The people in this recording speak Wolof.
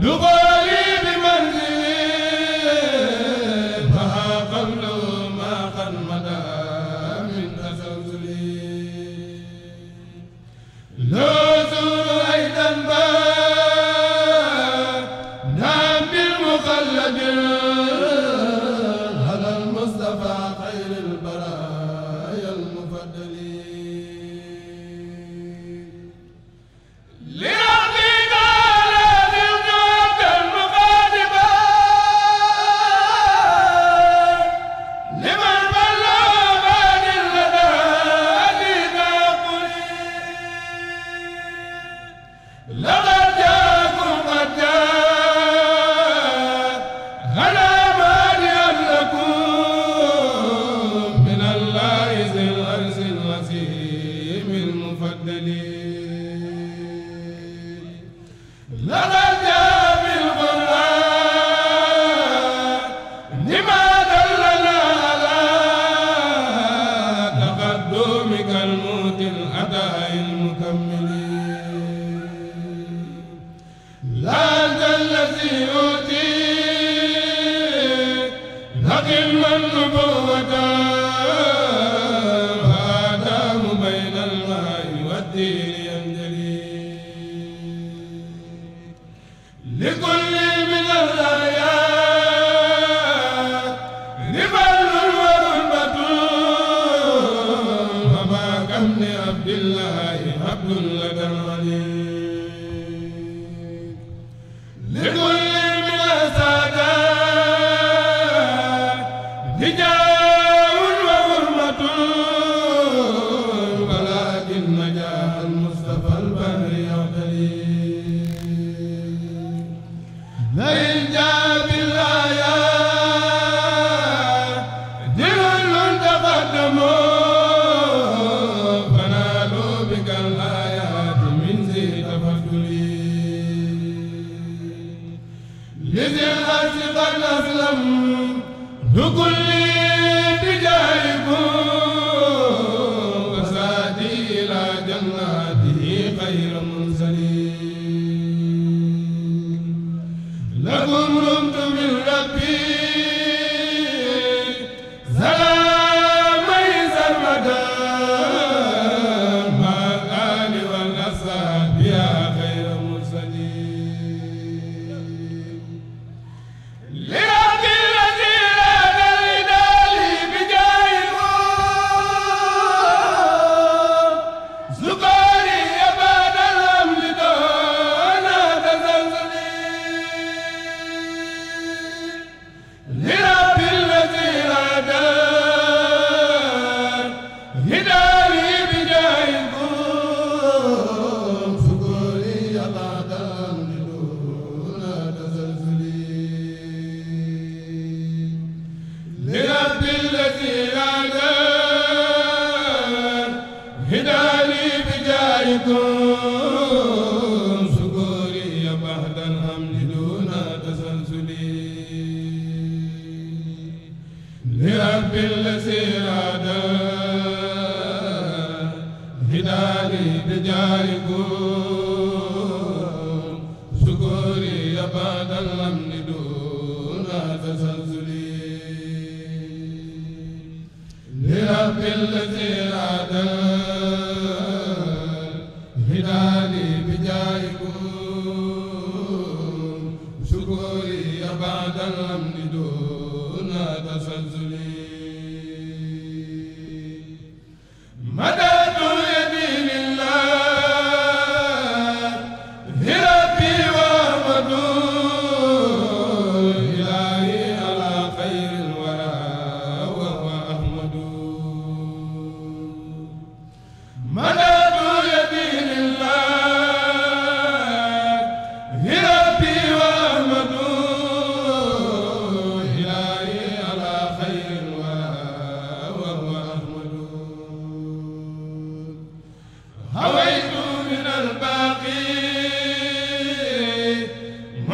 lu Abdullahi Abdullah لذي العرش قد أسلم لكل jaariku